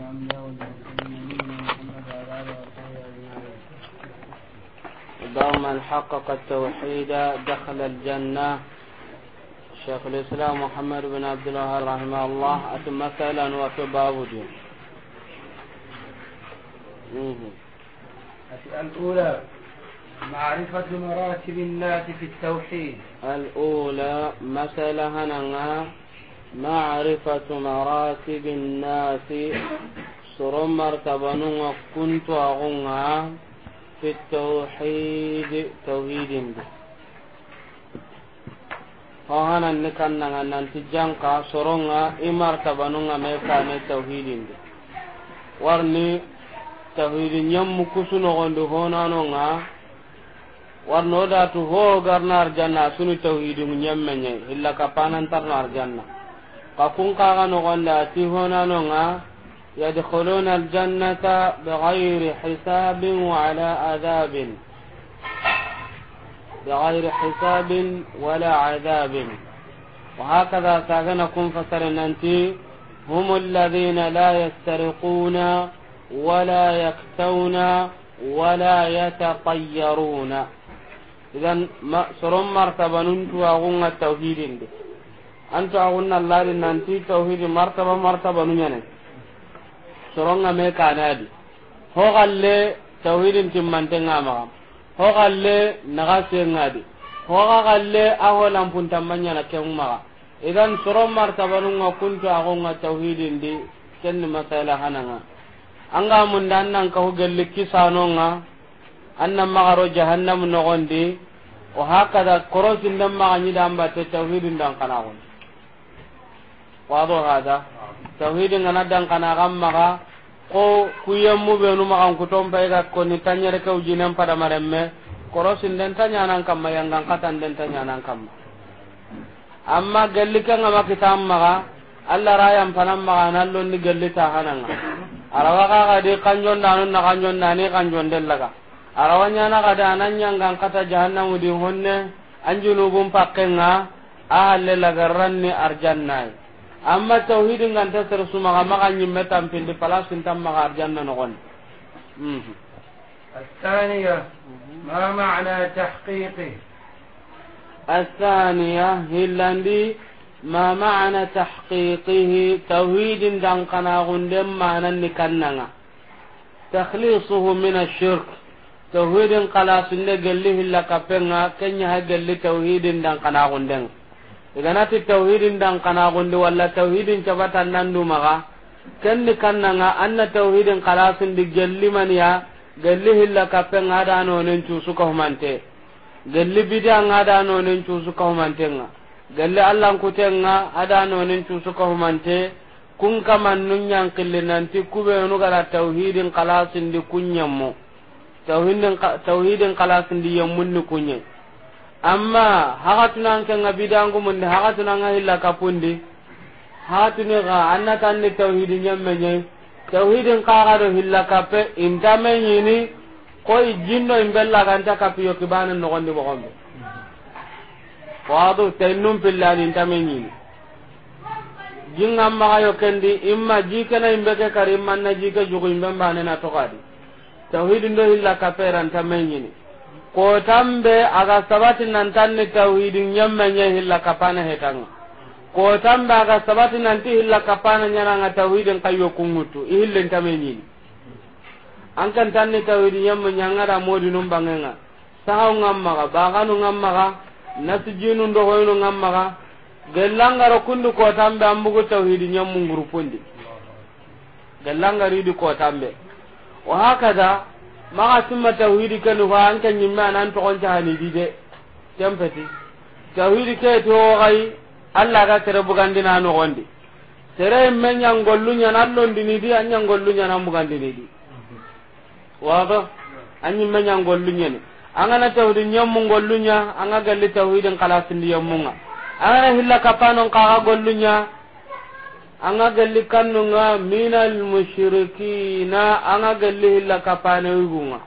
ومن حقق التوحيد دخل الجنة شيخ الإسلام محمد بن عبد الله رحمه الله أتم مثلا وكباب دين الأولى معرفة مراتب الناس في التوحيد الأولى مثلا هنا معرفة مراتب الناس سرم مرتبة كنت أغنى في التوحيد توحيد hohana ni kannanga nanti janka soronga i martabanunga me kane tawhidinde warni tawhidi ñammu kusunogondi honanonga warni odatu ho garna arjanna suni tawhidigu ñammeñe illa kapanantarno arjanna kakun قاغن غلا تيهونا نونا يدخلون الجنة بغير حساب وعلى عذاب بغير حساب ولا عذاب وهكذا كاغنكم فسرنا أنت هم الذين لا يسترقون ولا يكتون ولا يتطيرون إذا سرم مرتبة أغنى التوحيد دي. anto agunna alladi nanti tawhidi martaba martaba nu ñane soronga me kanadi hoxalle tawhidin timmantenga maxam hoxalle naxa sengadi hoxa xalle a holampuntanma ñana ken maxa idan soron soro martabanunga kunto axonga di kenni masala hananga anga munda an nan kahu gelli kisanonga an nan maxaro jahannamu noxondi o hakada korosinden maxa ñidan batte tawhidindan xanaxondi wado hada tauhid ngana dan kana gamma ga ko kuyammu be no magan ku tomba ga ko ni tanyere ka ujinan pada maremme korosin den tanya nan kamma yang ngangkatan den tanya nan kamma amma gallika ngama kitam maga Allah rayam panam maga nan lon ni gallita hananga arawa ka ga de kanjon nanun na kanjon nani kanjon den laga arawa nyana ga da nan yang ngangkata jahannamu di honne anjunubum pakkenga ahalle lagaranni arjannai amma tauhidin nganta sere sumaga maga ñimme tampindi palasin tan maga arjanna nogoni الثانية ما معنى تحقيقه الثانية هلاندي ما معنى تحقيقه توحيد دنقنا غندم معنى نكننا تخليصه من الشرك توحيد قلاص قال له لك كن يها توحيد دنقنا غندم iganati tawhidin dan kana gondi walla tawhidin cabatan nan du maga kenni kannanga anna tawhidin kalasin di gelli maniya gelli hilla kappen ada nonen su ka humante gelli bidia ada nonen su ka humante nga gelli allan kutenga ada su cusu ka humante kun kaman nun yankilli nanti kubenu gara tawhidin kalasin di kunyammo tawhidin tawhidin kalasin di yammunni kunye amma hakatunan kan abidangu mun hakatunan ga hilla kapundi hatuni ga annata ni tauhidin yamme nyai tauhidin qaga do hilla kape indame yini koy jinno imbella ganta kapiyo kibanan no gondi mo gombe wado tennum pillani indame yini jingam ma yo kendi imma jikana imbe ke karim man na jike jugo imbe mbane na tokadi tauhidin do hilla kape ran tamen yini ko tambe aga sabati nan tanni tawhidin yamma nya hilla kapana hetanga ko tambe aga sabati nan ti hilla kapana nya nga tawhidin kayo kungutu hillen tamenyi an kan tanni tawhidin yamma nya ngara modi num bangenga sahaw ngamma ga baganu ngamma ga nasijinu ndo hoyno ngamma ga gellangaro kundu ko tambe ambugo tawhidin yamma ngurupundi gellangaro idi ko tambe wa hakada maga simma tawhidi kani ko an kan nyimme anan to on jahani dide tempeti tawhidi ke to gai alla ga tere bugandi na no gondi tere men yang gollu nya nan non dini di an yang gollu nya nan bugandi ni di ba an nyimme yang gollu nya ni an angana tawhidi nyam mun gollu nya anga galli tawhidin kala sindi yammunga angana hilla kapanon kaga gollu nya anga galli nga minal mushrikina anga galli hilla kapanewugunga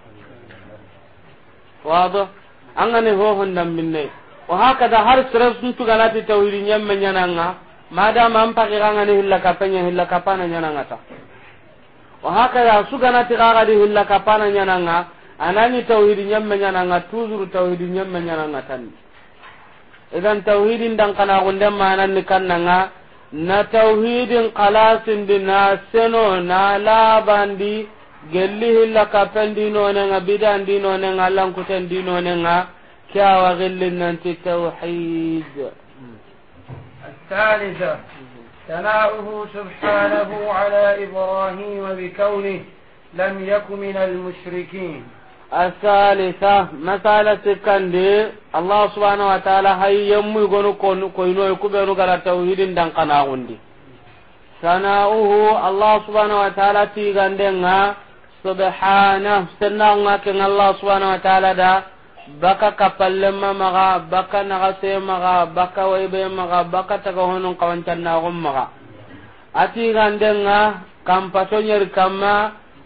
wado anga ne hohondan minne wa hakada har sere suntuganati nyamma ñamme ñananga madama an pakiranga ni hilla kapenya hilla kapana ñananga ta o wa hakada suganati kakadi hilla kapana ñananga anani tawhidi ñamme ñananga toujours tawhidi ñamme ñananga tanni idan tawhidin dankanagunde mananni kannanga na tauhidin kalasindi na seno na labandi gelli hilla kapendi nonenga bidandi nonenga lankutendi nonenga kyawa gillin nanti tauhid الثالثة ثناؤه سبحانه على إبراهيم بكونه لم يك من المشركين الثالثة مسألة سكندي الله سبحانه وتعالى هاي يمو يغنو كوينو يكبرو غلا توحيد دان قنا غندي ثناؤه الله سبحانه وتعالى تيغندنا سبحانه سنعنا كن الله سبحانه وتعالى دا baka kapallema maga baka nagase maga baka waibe maga baka taga honon kawancan nagon maga ati gandenga kampato nyeri kamma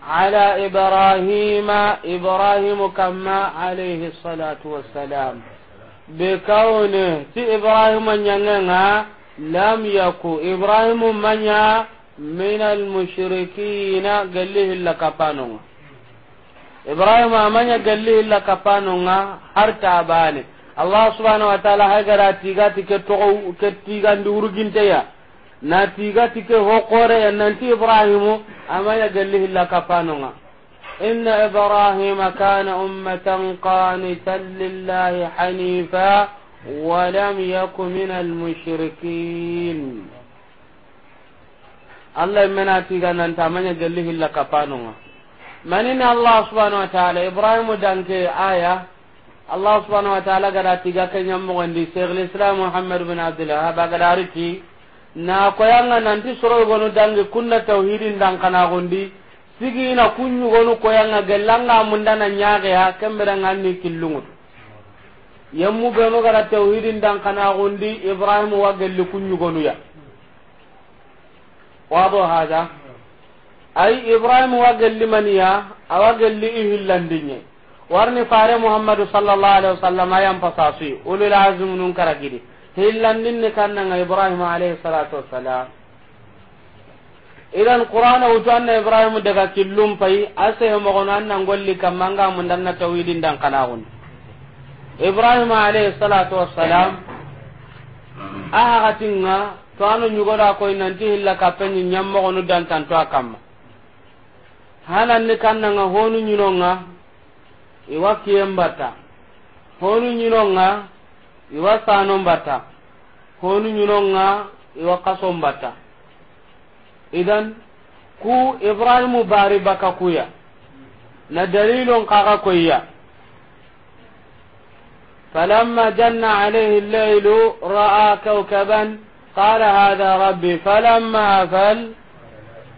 Ala ibrahima ibrahimu kamma aleehi salaatu wa salaam beekamooni si ibrahima nyaanga laam yaqu ibrahima manya minal mushrikina galiya lakappanuu ibrahima manya galiya lakappanuu har ta'a baale alasumaan waan ta'aa lahaa gara tiigaatti ka togahu ka tiigaan di wuri ginteeya. na tiga tike ho kore nanti ibrahimu ama ya galli hilla kapanonga inna ibrahima kana ummatan qanitan lillahi hanifa wa lam yakun min almushrikin allah mena tiga nan tamanya galli hilla kapanonga manina allah subhanahu wa ta'ala ibrahimu danke aya allah subhanahu wa ta'ala gada tiga kenya mogondi sheikh islam muhammad bin abdullah ba gada riti na koyanga nanti soroygonu dangi kunna tawhidin dankanagondi sigina kunyugonu koyanga gellanga mundana ñageya kemberanganni killungutu yemmu benu gara tawhidin dankanagondi ibrahimu wa gelli kunyugonuya wado hada ay ibrahimu wa gelli maniya awa gelli ihillandinye warni fare muhammadu sallallahu alaihi wasallam ayan pasasi ulul azm nun karagidi hillandin ni kannanga ibrahim alayhi salatu wassalam idan qur'ana utu na ibrahim daga killum pai ase mo nan golli kam manga mun danna tawidin dan kanagun ibrahim alayhi salatu wassalam aha gatinga to anu nyugoda ko nanti hilla nyam mo gonu dan to akam hanan ni kannanga honu nyinonga iwa bata honu nyinonga iwa sanon bata konu nyunonga iwa kasombata idan ku ibrahim bari baka kuya na dalilon kaka kuya falamma janna alayhi al-laylu ra'a kawkaban qala hadha rabbi falamma afal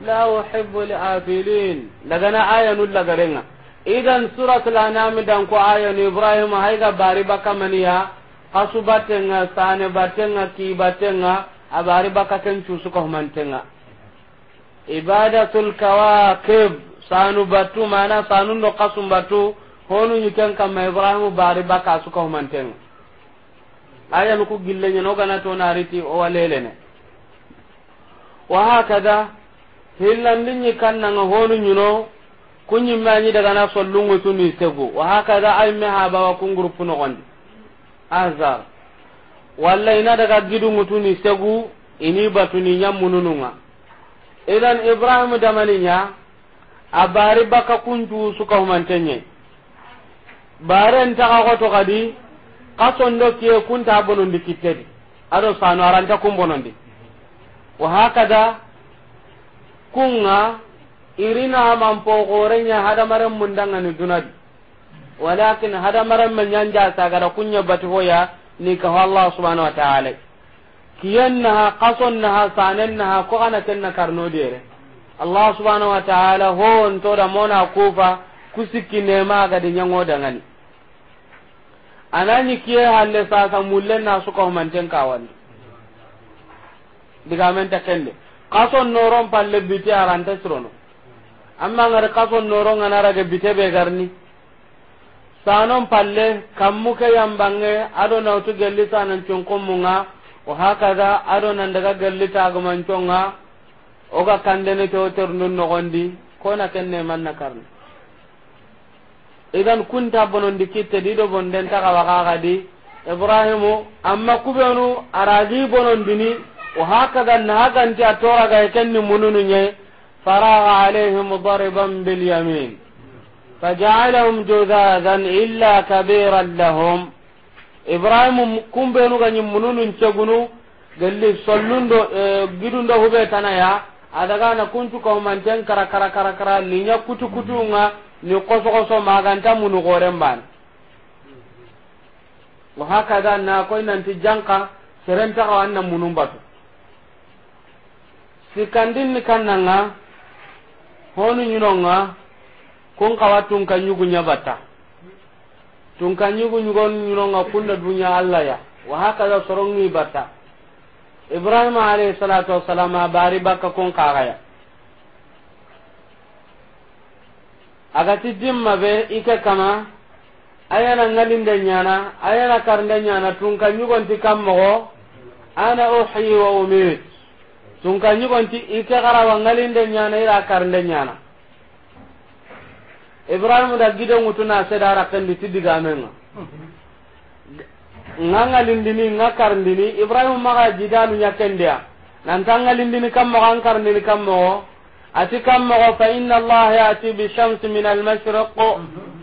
la uhibbu al-afilin lagana ayanu lagarenga idan suratul anam dan ku ayanu ibrahim hayga bari baka maniya hasu batenga sane batenga ki batenga abari baka ken cusu ko mantenga ibadatul kawakib sanu batu mana sanu no kasum batu honu yiken kam ibrahim bari baka su ko mantenga aya no ku gille nyen o gana to nariti o walelene wa hakada hillan ninni kanna ngo honu nyuno kunyimanyi daga na sollungu tuni tegu wa hakada ayme haba wa kunguru puno gondi azar walla ina daga mutuni segu ini batuni mununga idan ibrahim damaniña a bari kunju suka sukahumantenye baren taxa xoto xadi xa sondo kie kunta bonon kittedi ado sanu aranta kun bonon di wa hakada kunga irina hada xoorenya mundanga ni dunadi walakin hada maran man yanja sagara kunya bati hoya ni ka Allah subhanahu wa ta'ala kiyannaha qasonnaha sanannaha ko ana tanna karno dere Allah subhanahu wa ta'ala ho on to da mona kufa kusiki ne ma ga de nyango ngani anani kiye halle sa mullen na su man tan kawani diga men ta kende qason noron palle biti aranta sirono amma ngar qason noron anara ga bite be garni sanon palle kammuke yambange ado nautu gelli sanan cunkummunga o hakaza ado nan daga gelli tagumanconga oga kandene kewotorndun ko na kenne man na karni idan kunta bonondi kitte dido bonden tagawakakadi ibrahimu amma kubenu aragi bonondini o hakaza nahaganti a toragaye kenni mununu ye faraga alayhim dariban yamin. فجعلهم جذاذا إلا كبيرا لهم إبراهيم كم بينو غني منون انتقنو قال لي صلون دو قدون دو هبه تنايا kuntu kaumanten kara kara kara kara ninya kutu kutunga ni koso koso maganta munu goren ban wa hakada na koy nanti janka serenta ka wanna munun batu sikandin ni kannanga honu kon kawa tun kan yugu nya batta tun kan yugu nyugon nyuno nga kunna dunya alla ya wa sorong ni bata ibrahim alayhi salatu wassalam bari bakka kon kagaya agati dimma be ike kama ayana de nyana ayana karnde nyana tun kan yugon ti kammo ana uhyi wa umit tun kan yugon ti ike garawa de nyana ira karnde nyana ibrahim da gidan wutu na sai da rakan di tidiga menga nganga lindini ngakar lindini ibrahim ma maga jidanu nan nantanga lindini kam mo kan lindini kam mo ati kam mo fa inna allah yati bi shams min al mashriq fa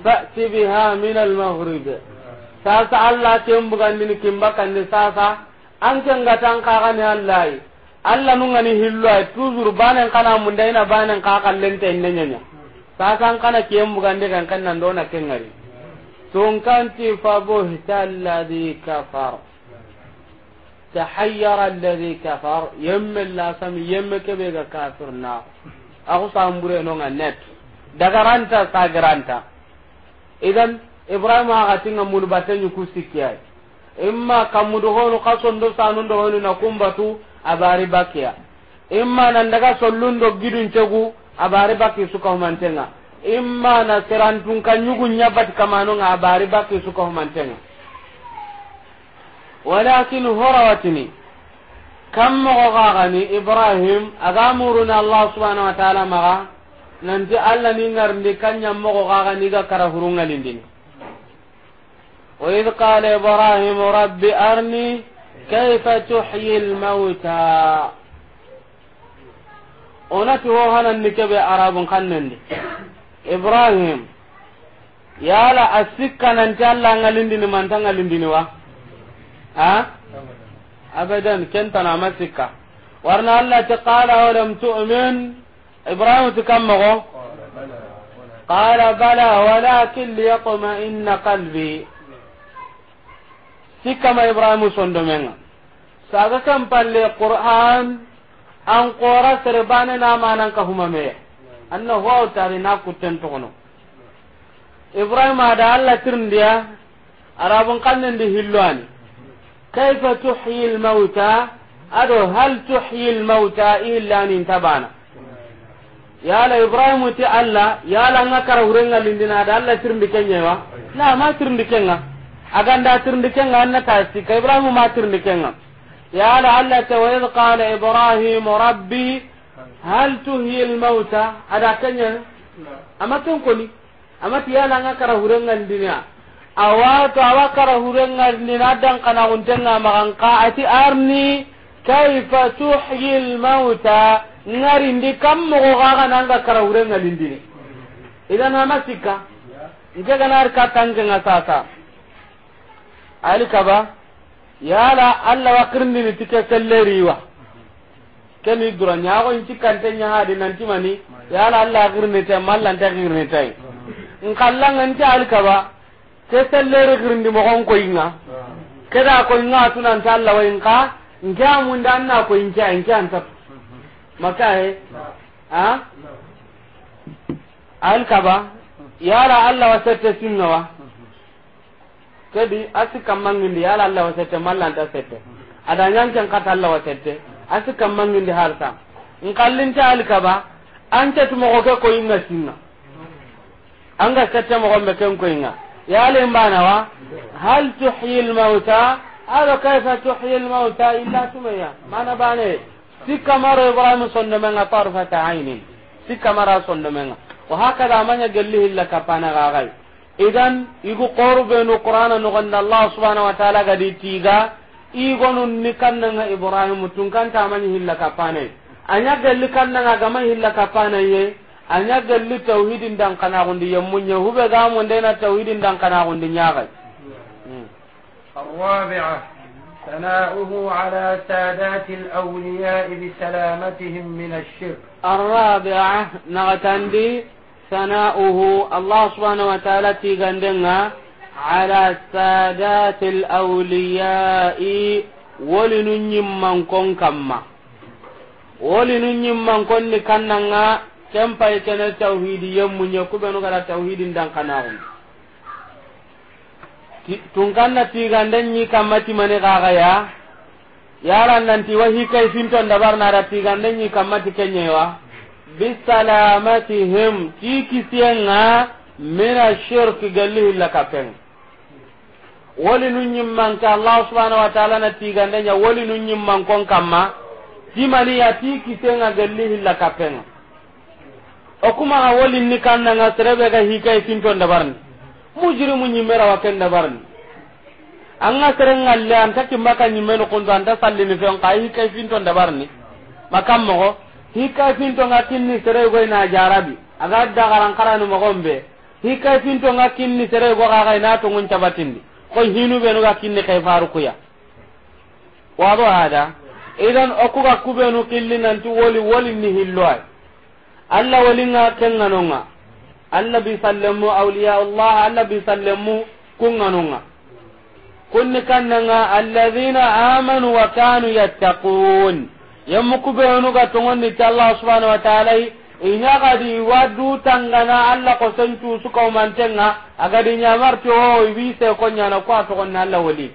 fa'ti biha min al maghrib sa sa allah tembugan lindini kimbakan ni sasa anke ngatan ga ni allah allah nungani ay tuzur banen kana mun mundaina banen ka kaga lente nenya sasan kana kiyen bugande kan kan nan dona kengari tun kanti fa buhta alladhi kafar tahayyara alladhi kafar yemma la sam yemma kebe ga kafir na aku sambure no net dagaranta sagaranta idan ibrahim aga tinga mun batanyu kusikiyai imma kamudu honu kasondo sanundo honu na kumbatu abari bakia imma nan daga sollundo gidun cegu abari baki suka humantenga imma na serantun kan nyugun nyabat kamano nga abari baki suka humantenga walakin horawatini kam mogo gagani ibrahim aga muruna allah subhanahu wa ta'ala maga nanti allah ni ngarndi kanya mogo gagani ga kara hurunga lindini wa idh qala ibrahim rabbi arni kayfa tuhyi al-mauta onati wo hananni keɓe arabun kannendi ibrahim yala a sikkananti allah ngalindini manta ngalindini wa a abadan kentanama sikka warna allah ti qala walam tumin ibrahim ti kammogo qala bala walakin liyatmaina qalbi sikkama ibrahim sondomenga saga kam palle qur'an an kora serbane na manan ka huma me anna huwa tare na kutten to kono ibrahim ada allah tirndiya arabun kannen di hillwani kaifa tuhyi al mauta ado hal tuhyi al mauta illa min tabana yala ibrahim ti allah yala nga kara hurenga lindina ada allah tirndi wa na ma tirndi kenga aganda tirndi kenga anna ta ka ibrahim ma tirndi kenga يا لعلك وإذ قال إبراهيم ربي هل تهي الموتى هذا كنيا أما تنكني أما تيالا نكره هرنغا الدنيا awato awa kara hurengarni na dankana guntenga maganka ati arni kaifa tuhyi almauta ngarindi kam mogo gaga nanga kara hurengalindini idan ama sikka nke ganar katankenga sasa ali kaba yala alla wa ni tike wa keni dura kante in di nanti mani yala alla te mallante kirnitay nkallanga nti alikaba ke selleri kirndi ko inga keda koyinga atunanta alla wa inka nke amunde anna koyinke anke antatu makahe a alikaba yala alla wa sette wa. kedi asi kammangindi ala allah wasette sette mallanta sette ada nyanken kata allah wa sette asi kammangindi harta nkallinta alikaba ancati mogo ke koyinga sinna anga sette mogonɓe ken koyinga mbana wa hal tuhyi mauta alo kaifa tuhyi mauta illa tumeya mana bane sikka maro ibrahim sondomenga ta aini sikka mara men wa hakada amanya gelli illa kapana gagai idan igu qorbenu qur'ana nogonda allah subhanahu wa ta'ala ibrahim tun kanta man hilla kapane anya galli hilla kapane ye anya tauhidin dan kana gundi yammunya hube ga mun tauhidin dan kana gundi nyaga ثناؤه على سادات الأولياء بسلامتهم من الشرك الرابعة نغتندي sana'uhu allah subhanahu wa ta'ala tigandenga ala sadat alawliyai wolinu ñimmankon kamma wolinu ñimmankon ni kannanga kempay e kene tawhidi yemmuñe kuɓenu gada tawhidin dankanaxum tun kanna tiganden ñi kamma timani xaxaya yarandanti wa hikay finton dabarnada tiganden ñi kamma ti bisalamatihim ti kisiyenga mina shirk galli hilla kapen woli nun nyimman ka allah subhanahu wa ta'ala na tigande nya woli nun nyimman kon kamma ti mani ya ti kisiyenga o kuma ni kanna nga serebe ga hikai tinton dabarni mu nyimera wa ken dabarni anga serenga le anta kimaka nyimeno kondo anta sallini fen kai hikai tinton dabarni makam mo hika finto nga kinni sere go ina jarabi aga da garan karanu magombe hika finto nga kinni sere go ga ina to ngun tabatindi ko hinu be no ga kinni kay faru kuya wado hada idan okuga kubenu nan tu woli woli ni hilloi alla walinga kenganonga alla bi sallemu awliya allah alla bi sallemu kunganonga kunni kannanga alladhina amanu wa kanu yattaqun yammuku benu ga tongondi ni allah subhana wa ta'ala iñagadi wadu tangana allah kosen cuusu kaumantenga agadi ñamarti o wiise ko ñana ko a togonni allah woli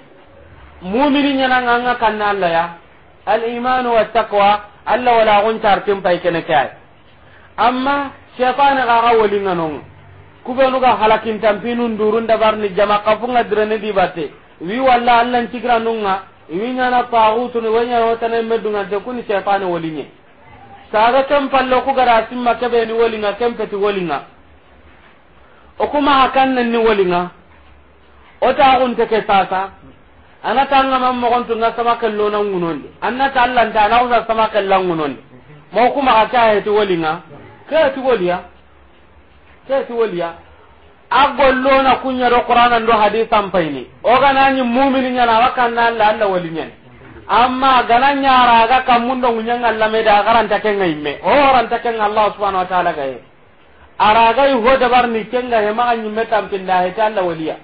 mumini ñananga anga kanna allah ya wa waltaqwa allah wala guncartin pay kene ke ay amma cheitane gaga wolinganonga kubenuga durun dabar ni jama kafunga direne dibatte wi walla allah ncigiranunga iwi ñana na wo ñanawotana meddungante kuni setane wolinye saga ken palle ku gara simma keɓeni wolinga wali peti wolinga okuma ha kan nenni wolinga o taxunte ke sasa anatangaman mogontunga sama kellona ngunondi annata allanta anakusa sama kella ngunondi ma okuma ha ke a heti wolinga ke heti woliya ke heti woliya a gollona na qur'anan do hadisan payni o ganani na wakan na Allah Allah walinyan amma gana nyara ga do nya Allah me da garanta ngai me o garanta ken Allah subhanahu wa ta'ala ga araga yi hoda bar ni ga he ma anyi metam pinda he ta Allah waliya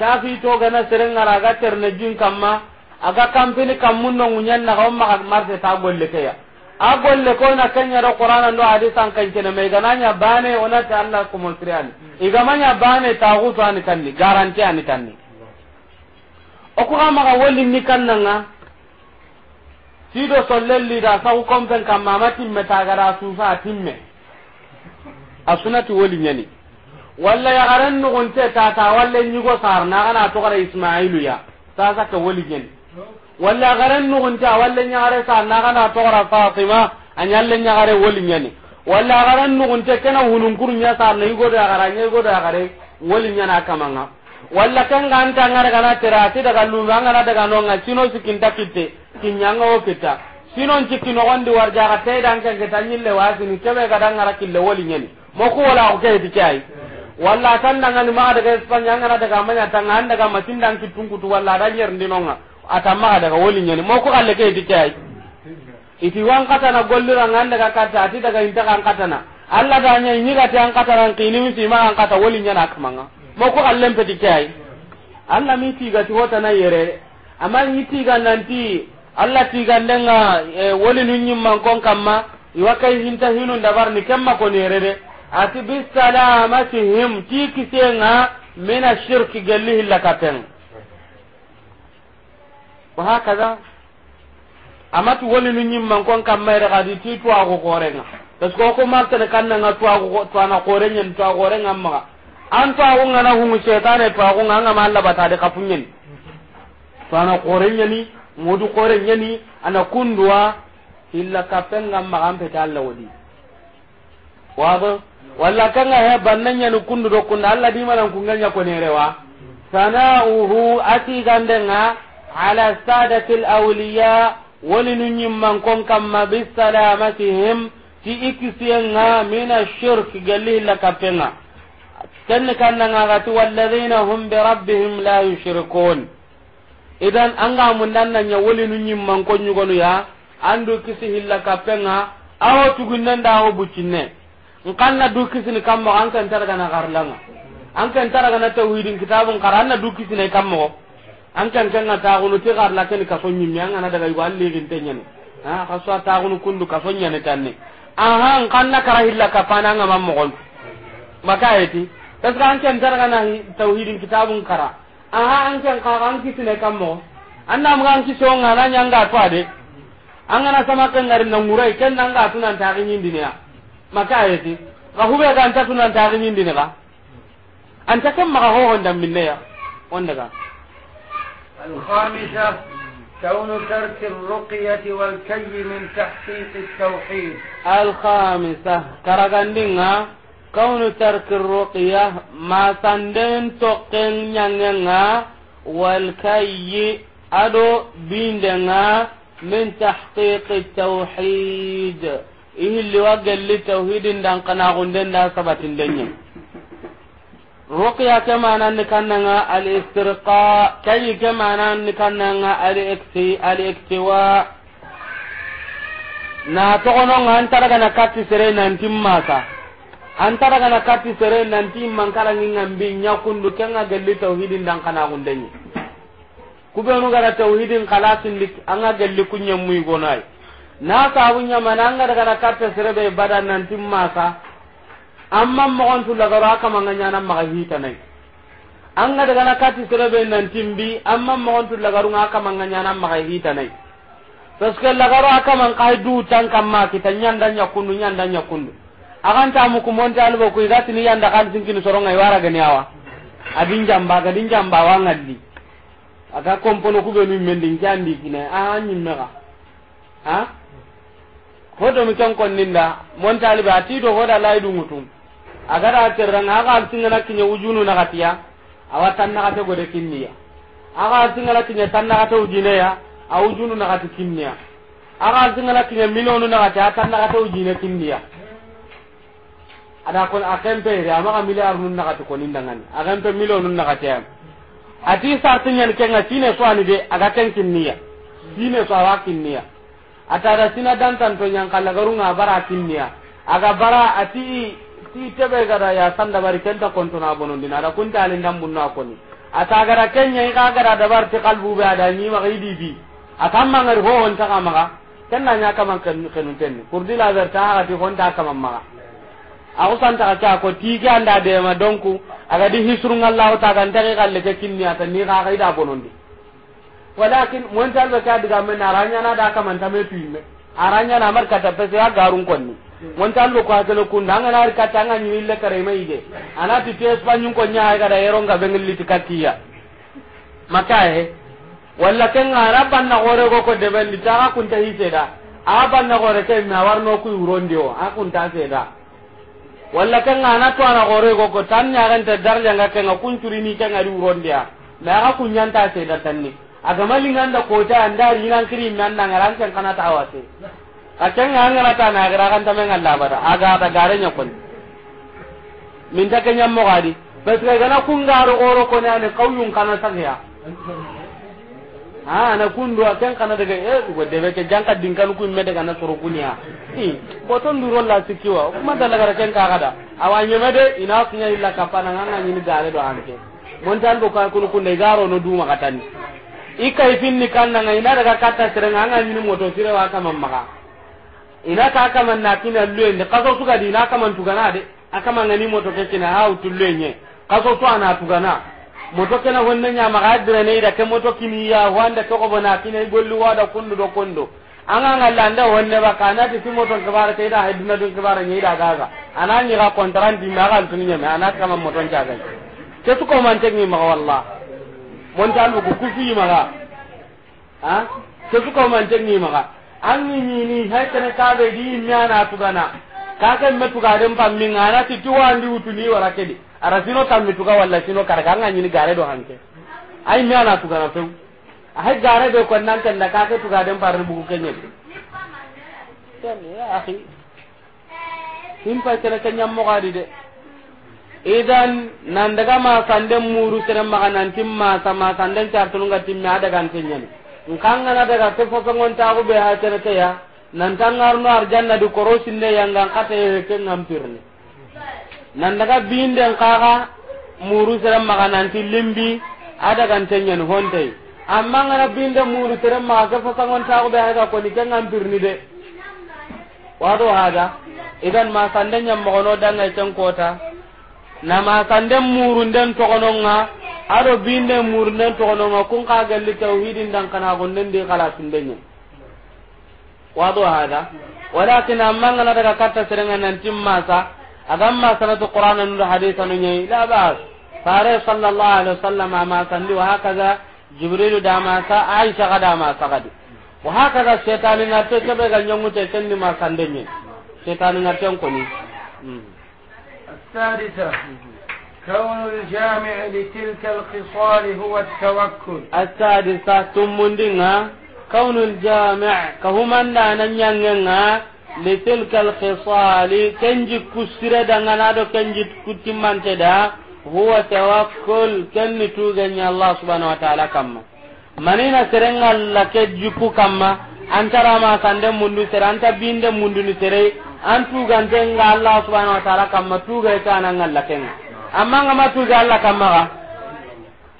shafi to gana sirin araga terne jin kamma aga kampini nya na ga umma marse ta golle ke ya a golle kona kenyaro qur'ana ndo hadisan kancene mai gananya bane onati allah kumolkiriyani igamanya bane ta tagutu ani tanni garanti ani tanni okuxa maxa wollinni kannanga sido sollellida sagu compen kamma ama timme tagada a suusa a timme a sunati woliñani walla yaxaren nuxunte tata walle na sarna axana togara ismailu ya saka ke woliñani walla garan nugunta walla nyagare sa na kana tora fatima anyalle nyagare woli nyani walla garan nugunta kana hunun nya sa na igodo agara nya igodo agare woli nyana kamanga walla kan ga anta ngare kana tera ti daga lunga ngara daga nonga sino sikinta kitte kinyanga okita sino cikki no gondi warja ga te dan kan geta nyille ni kebe ga dan ngara kille woli nyani moko wala o ke ti kai walla tan daga ni ma daga spanya ngara daga manya tanga daga ga matindan kitungutu walla da yer ndinonga atamma ka daga woli nyani mo ko kalle ke dikai iti wan kata na gollira ngande ka kata ati daga inta kan kata na alla da nya ni ga tan kata ran kini mi sima kan kata woli nyana kamanga mo ko kalle pe dikai alla mi ti ga ti hota na yere amma ni ti ga nanti alla ti ga ndenga e, woli nun nyim man kon kamma iwa kai hinta hinun dabar ni kemma ko ne de. ati bisalamatihim ti kisenga mena shirki gelli hilla katenga wa hakaza amatu woni ni nyimman kon kam mayra kadi ti to ago korenga tas ko ko marta ne kanna nga to ago to na korenya to ago korenga ma an to ago ngana hungu setane to ago nganga malla bata de kapunyen to na korenya ni modu korenya ni ana kundwa illa kapenga ma ampe talla wodi wado walla kanga he bannanya nu kundu do kunda alla di malan kunganya ko nerewa sanauhu ati gandenga ala sadati alawliya wolinu ñimman kon kamma bisalamatihim ti ikisiyenga min la gellihilla kappenga kenni kannangagati walladina hum birabbihim la yushrikun idan anga mundannanya wolinu ñimman kon ñugonuya andu kisi hilla kappenga awo tugunnendawo buccinne nkanna du kisini kammogo an ken taragana garlanga an ken taragana tawhidin kitabun kara anna du kisine kammogo an kan kan ta gunu ti garla ken ka so nyimmi an ana daga yugo alli gin tenyani ha ka so ta gunu kundu ka so nyane tanne aha an kan na kara hilla ka pana ngam mo gon maka yati tas kan kan tar kana tauhidin kitabun kara aha an kan ka an kitine kam mo anna mo an kiso ngana nyanga to ade an kana sama kan ngari na ngurai ken nan ga tunan ta gin dinya maka yati ka hube ga an ta tunan ta gin dinya ka an ta kan maka ho honda minne ya on daga الخامسة كون ترك الرقية والكي من تحقيق التوحيد الخامسة كرغندنا كون ترك الرقية ما سندن تقن ينغنا والكي أدو بيندنا من تحقيق التوحيد إيه اللي وقال لتوحيد دان قناغندن دا سبتن دنيا ruqya ke mananni kannanga al istirqa kayi ke mananni kannanga al ikti al iktiwa na togono nga antaraga na katti sere nan maka antaraga na katti sere nanti mankara ngi ngambi nyakundu kenga gelli tauhidin dan kana gundenyi kubenu gara tauhidin khalasin lik anga gelli kunya muy gonai na sabunya mananga daga na katti sere be badan nanti maka amma mogon tu lagaro akama nga nyana maga hita nai anga daga na kati serebe nan timbi amma mogon tu lagaro nga akama nga nyana maga hita nai paske lagaro man kai du tan kamma kita nyanda nyakundu nyanda nyakundu akan ta mu kumonta albo ku igati ni yanda kan sinkini soronga iwara gani awa adin jamba ga din jamba wa ngalli aga kompono ku be ni mendin jandi kina a ah, nyimmega ha ah? hodo mi kan konninda monta albo ati do hoda laidu mutum agada terran aga altingana kinya wujunu na gatiya awa tanna gata gode kinniya aga altingana kinya tanna gata jine ya a wujunu na gati kinniya aga altingana kinya milionu na gati a tanna gata ujine kinniya ada kon akempe ri amaga miliar nun na gati konin dangan akempe milonu na gati ati sartinya ni kenga sine swani de aga ken kinniya sine swawa kinniya atara sina dantan to runga garunga bara kinniya aga bara ati ti tebe gara ya sanda bari kenta na bonon dina da kunta alin dan bunna ni ata gara kenya i ka gara dabar ti kalbu ba da ni ma idi bi atam mangar ho on kama ka kenna nya kama kan kenun ten kurdi la ver ta ha ti honta kama ma a usan ta ka ko ti ga anda de ma donku aga di hisru ngallahu ta kan ta ka le ke kinni ata ni ka ga ida bonon di walakin mon ta ba ka diga men aranya na da kama ta me tuime aranya na ka ta pese ya garun konni wonta lo ko hatana kun anga nar ka tanga ni ille kare mai ide anati te spanyun ko nya ga da yero nga bengli tikatiya maka he walla ken araban na gore go ko de bendi ta kun ta da aban na gore ke na no ku urondi o a kun ta da walla ken ana to ana gore go ko tan nya ran ta darja nga ken kun turi ni ken ari urondi a na ga kun nyanta seda tanni aga malinga nda ko ta andari nan kiri nan nan ran ken kana ta awase akenga ngara ta na gara kan tamen Allah bada aga da garenya kun min ta kenya mo gadi bas ga na kun garo oro ko ne ne kauyun kana ya ha na kun do akan kana daga e eh, go be ke janka kan kun me daga na soro kunya i ton duro la sikiwa kuma da lagara ken ka gada awanye de ina kunya illa kapana ngana ni gare do anke mon tan do ka kun kun de garo no duma katani ikai finni kanna ngai na daga kata sereng anga ni moto sire wa maka. ina ka kaman na kina lue ne kaso suka di ina tuga na de akama ngani moto ke kina ha nye kaso to ana na moto na wonne nya ma gadre ne da ke moto kimi ya wanda to ko bona kina gollu wada kundu do kondo anga anda wonne ba kana ti fi moto ke bara te da heduna do ke bara ida da gaga anani ga kontran di maga tunya me anaka kaman moto jaga ke to ko man te ni ma walla mon tan ku kufi maga ha ke su ko man te ni maga anni nyini hay kana kabe di nyana tugana kake metu garen pammi ngana ti tuwandi utuni wara kedi arasino tammi tuga walla sino karga nga nyini gare do hanke ay nyana tugana few hay gare do kon nan kan da kake tuga den parni buku kenye ya akhi himpa tere kenya mo gadi de idan nan daga ma sanden muru tere ma kanan timma sama sanden tartunga timma daga kenya ni nkangana daga te fotongontaku ɓe ha tereteya nantangarno arjanna di korosinne yangan katayeke ngampirni nan daga binden kaka muru sere maga nanti limbi adagantenyani hontayi amma ngana binde muru sere maga ke fotongontaku ɓe ko ni ke ngampirni de waɗo haga idan ma masande ñammogono dangay ten kota na ma den muru masanden murunden nga. ado binde murnen ma kun ka galli tawhidin dan kana gonnen de kala sindenya wado hada walakin amma ngana daga katta serenga nan timmasa agam masana sanatu qur'anan nu hadisa nu nyai la bas fare sallallahu alaihi wasallam ma sandi wa hakaza jibril da ma sa aisha kada ma sa kadi wa hakaza shaytan na to kebe ga nyongu te sendi ma sandenya shaytan na tan ko ni hmm. كون الجامع لتلك الخصال هو التوكل السادسة تمندنا كون الجامع كهما نانيانينا لتلك الخصال كنجي كسرة دنانا كنجي كتمان تدا هو توكل كن توغني الله سبحانه وتعالى كما manina serenga lake jukku kamma antara ma sande mundu sere anta binde mundu ni sere an tugantenga allah subhanahu wa ta'ala kamma tuga ita nan lake nga amma ngama tuuge allah kammaxa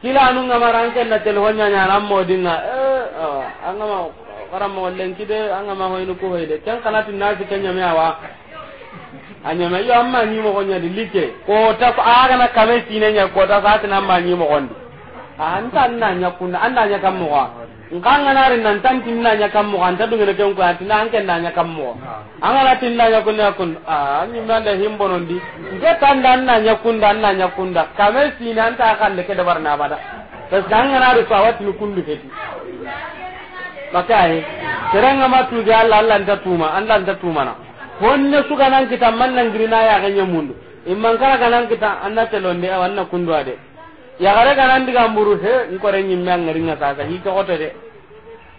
kila anu nga ngamara an kenna telefon ñañana ma moodinga eh, angama karama wallenki de ma hoyni ko hoy de ken kanati nasi ke ñame awa a ñame yo amma ñimoxoñadi like kota agana kame ko sineña kota satina amma ñimoxondi a nta anna ñakkunda anda ñakam moxoa nkanga ah. ah, na rin nan tanti na nya kammo anta dunga ke ko anta nan ken na nya kam mo anga tin na nya kun na kun a ni man da himbo non di ke tan dan na nya kun dan na nya kun da kame si nan ta kan de ke da barna bada tas danga na ru sawat ni kun du ke ti maka ai ma tu ga Allah Allah ta tuma Allah ta tuma na honne suka nan kita man nan girina ya ganye mundu imman kala kanan kita anna telonde awanna kundu ade yagare ganan diga mburu he nkore nyimme angaringa hi hito kote de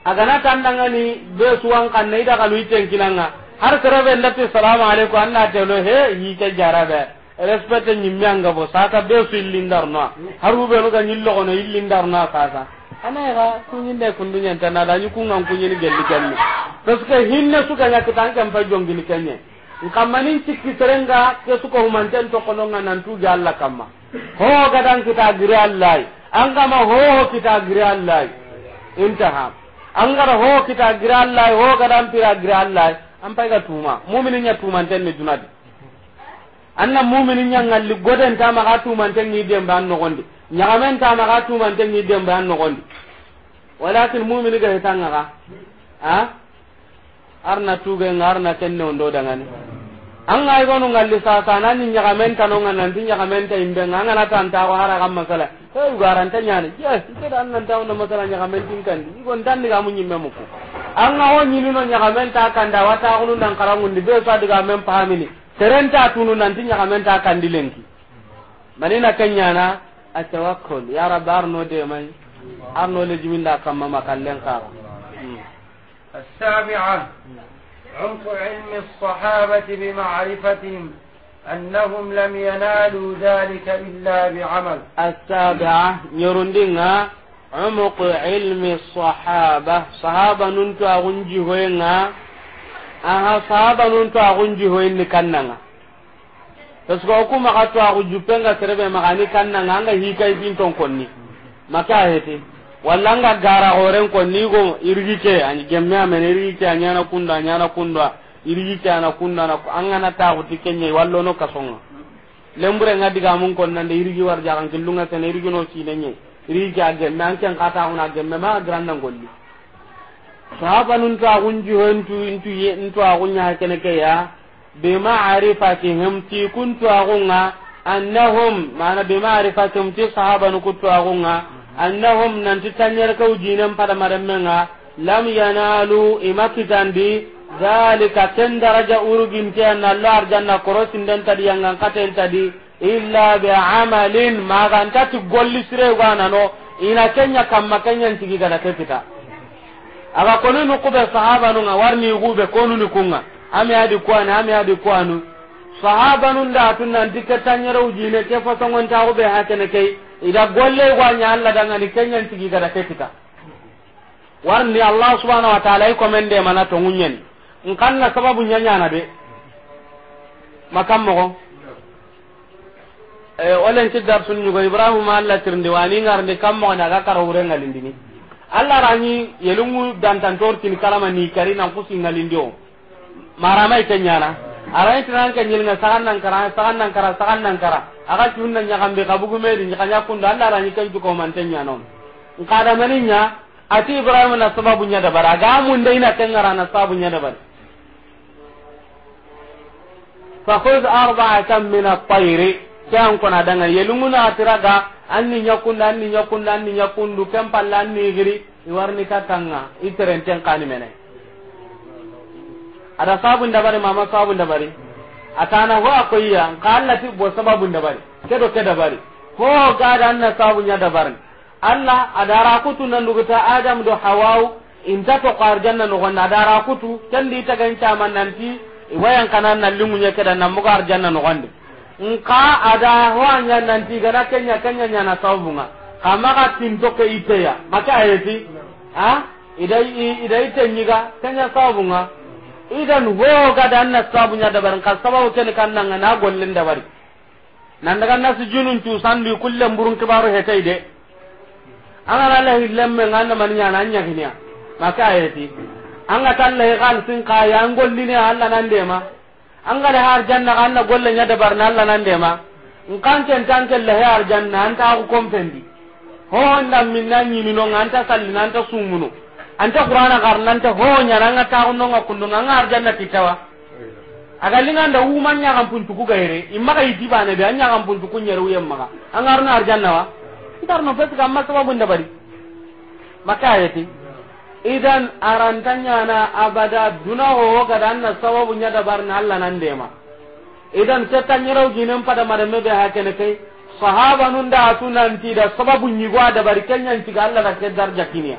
agana tandangani be suwan kanne ida kalu iten kinanga har kerebe ndati salamu alaikum anna telo he hi hike jarabe respecte nyimme anga bo sasa be su illindarna haru be no ga nyillo kono illindarna sasa ana ga kunyinde kundunya tana da nyukunga kunyini gelli gelli paske hinne suka nyakutan kan pa jongini kenye nkammanin cikki serenga ke suka humanten to kononga nan tuge alla kamma ho gadan kita giri allah an gama ho kita giri allah intaha an gara ho kita giri allah ho gadan pira giri allah an pai ga tuma mu'minin ya tuma tan ne junadi anna mu'minin ya ngalli goden ta ma ga tuma tan ni dem ban no gondi nyaamen ta ma ga tuma tan ni dem ban no gondi walakin mu'min ga hitanga ga ha arna tuge tuga arna kenne ondo dangane an anga igonu ngalli sasa nani nyagamen tano nga nanti nyagamen ta imbe nga nga nata anta wa hara kam masala hey garan ta nyane yes ite dan nan taw na masala nyagamen tin kan di igon tan diga mun nyimme muku anga ho nyinu no nyagamen ta kan da wata hunu nan karangun di be sa diga men pahamini ta tunu nanti nyagamen ta kan di lenki manina kenyana atawakkul ya rabbi arno de mai arno le jiminda kamma makallen kara السابعة عمق علم الصحابة بمعرفتهم أنهم لم ينالوا ذلك إلا بعمل السابعة يرندنا عمق علم الصحابة صحابة ننتو أغنجهوين أها صحابة ننتو أغنجهوين هوين تسكو أكو مغاتو أغنجي بينا سربي مغاني كننا أنغا هيكاي بنتون كوني walla nga gara horen ko ni go irgi ke ani gemme amen irgi ke anyana kunda anyana kunda irgi ke ana kunda na angana ta ko tikenye wallo no kasonga lembure nga diga mun kon nan de irgi war jaran kilunga tan irgi no sinenye irgi ke agemme an kan kata una gemme ma granda ngolli sahaba nun ta gunji hentu intu ye intu agunya kene ke ya bi ma'rifatihim ti kuntu agunga annahum ma'ana bi ma'rifatihim ti sahaba nu kuntu agunga annahum nanti tanyar kau jinen pada maremenga lam yanalu ima kitandi zalika ken daraja uruginte anna allah arjanna korosinden tadi yang katen tadi illa bi amalin magantati golli no ina kenya kamma kenyancigi gana kepita aga konuni kube sahabanunga warni gube konuni kunga ami adi kuani ami adi kuanu sahabanun datunanti ke tanyerewjine ke fasongontaxube hakene kei ida golle gwanya Allah daga ni kenyan tigi gada ke kita warni Allah subhanahu wa ta'ala ko men mana to ngunyen in kanna sababu nyanya na be makam mo e ci dar sun ibrahim Allah tirndi wani ngar de kam mo na ga karo wure ngalindi ni Allah rani yelungu dantan tortin kalama ni kusi ngalindi o maramai kenyana arai tinan kan nyilnga sagan nan kara sagan nan kara sagan nan kara aga tunna nya kambe kabugu medi nya kanya kun dalla ra nya kan ko mantenya non ngada maninya ati ibrahim na sababu nya da bara ga mun dai na kan na sababu nya da bara fa khudh arba'atan min at-tayr kan kona danga yelunguna atiraga anni nya kun anni nya kun anni nya kun du kan palla anni giri iwarni katanga iteren ten kanimene ada sabun da bari mama sabun da bari atana ho akoyya kala ti bo sababun da bari kedo ke da bari ho ga da anna sabun ya da bari alla adara kutu nan luguta adam do hawau inta to qar janna no gonna adara kutu kandi ta ganta man nanti wayan kanan nan limunya ke da nan muga arjanna no gonde nka ada ho anya nanti gara kenya kenya nya na sabunga kama ka tinto ke ite ya maka ayeti ha idai idai tenyiga kenya sabunga idan wo ga dan na sabu nya da barin kasaba sababu ne kan nan na gollin da bari nan daga na su junun tu sandi kullum burun kibaru tai de an ala lahi men an man nya nan nya hinya maka ayati an ga tan lahi kan sin ka ya an gollini Allah nan de ma an ga da har janna kan na gollen nya da barna Allah nan de ma in kan ken tan ken lahi har janna an ta ku kompendi ho nan min nan yi ni ta sallin sallina ta sumuno anta qur'ana anta ho nyara nga taxu nonga kundunga nga arjanna kitawa aga linganda wuma ñagan puntuku gayre immaga yiti bane be anya ñagan puntuku ñere wuyen maga a ngarno arjanna wa ntarno gamma amma sababu bari maka ayeti idan arantanya na abada duna hoho sababu anna sababu barna allah nan de ma, idan setta ginem pada marame be ha kene kay sahaba nun da atu nanti da sababu ñigo a dabari kenñanciga allah da ke darja kiniya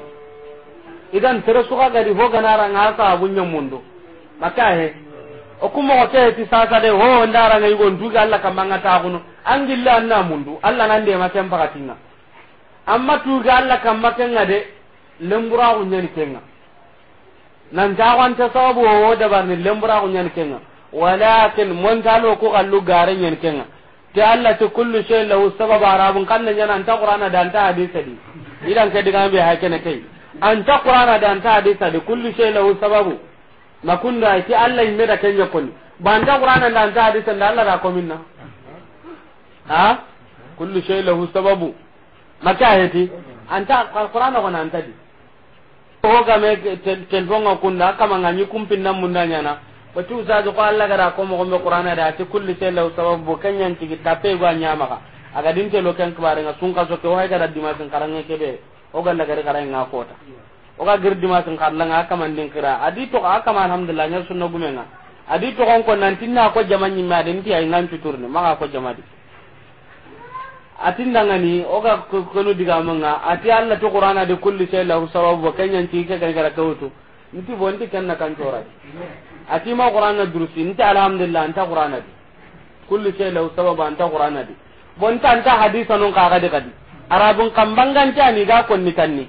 idan tere suka gari ho ra ngara ka bunya mundu maka he o kuma ko te ti sasa de ho ndara ngai gon duga alla kamanga ta kuno angilla anna mundu alla nan de maken pakatinga amma tuga alla nga de lembura ko nyani kenga nan ta wanta sababu ho da ni lembura ko nyani kenga walakin mon lo ko kallu gare nyani kenga te alla ta kullu shay lahu sababu arabun kan nan ta qur'ana dan ta hadisi idan idan ke be hakene kai an ta qur'ana da ta hadisa da kullu shay lahu sababu na kunda iti allah imme da kanya koni ba an ta qur'ana da ta hadisa da allah da na ha kullu shay lahu sababu maka heti ta qur'ana ko nan di ko ga me ko kunda kama ngani kumpin nan mundanya na wati usaji ko allah da ko mo qur'ana da ati kullu shay lahu sababu kanyan ta pe go nya maka aga din te lokan kibare nga sun ka so ko hay gara dimasin karange kebe daga gari kara nga kota oga girdi ma sun kalla nga kamandin kira adi to ka kama alhamdulillah nyar sunna gumenga adi to kon ko nan tinna ko jaman nyimma den ti ay ngan tuturne ma ko jamadi atin dangani oga konu diga manga ati alla to qur'ana de kulli shay lahu sawabu wa kanyan ti ka gara kawtu nti bonti kanna kan tora ati ma qur'ana durusi nti alhamdulillah anta qur'ana di kulli shay lahu sawabu anta qur'ana di bonta anta hadisa non ka ga de kadi arabun kan kambanganta ani ga konni tanni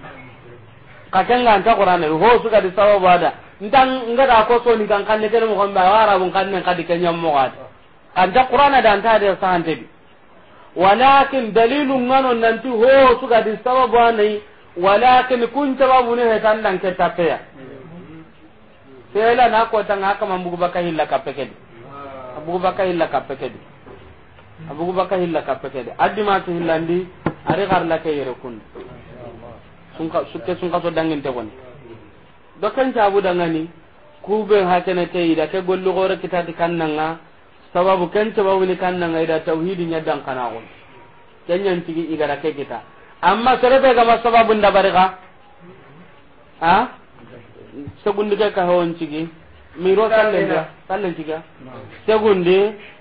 ka kenga anta qur'ana ho suka di sababu ada ntan ngada ko so ni kan kanne kene mo gombe wa arabun kan kanne kadi kenya mo gad anta qur'ana da anta da sahante bi walakin dalilun ngano nanti ho su suka di sababu anai walakin kun sababu ne tan dan ke tapeya sela na ko tan aka mambugo bakahi la kapekedi abugo bakahi la kapekedi abugo bakahi la kapekedi addi ma to hillandi ari la ke yere kun sunka sun ka so dangin te kon do kan jabu dangani ta hakene te da ke gollu gore kitati kannanga sababu ken sababu ni kannanga ida tauhidin ya dan kana kon kenyan tigi igara ke kita amma be ga sababu nda ga ha sabun de ka hon tigi miro sallen tigi de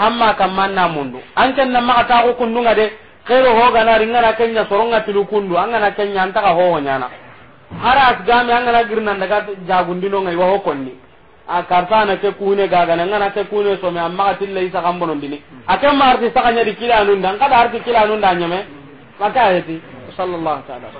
hamma kamman na mundu an can na maka taku kundunga de kero hoga na ringana kenya soronga tilu kundu an gana kenya an ka hoho nyana hara asgami an gana girna daga jagundino ngai wa hokonni a karta na ke kune gaga na ngana ke kune so me amma katilla isa kambono dini akan marti saka nyadi kila nunda an kada arti kila anun nunda nyame maka ayati sallallahu ta'ala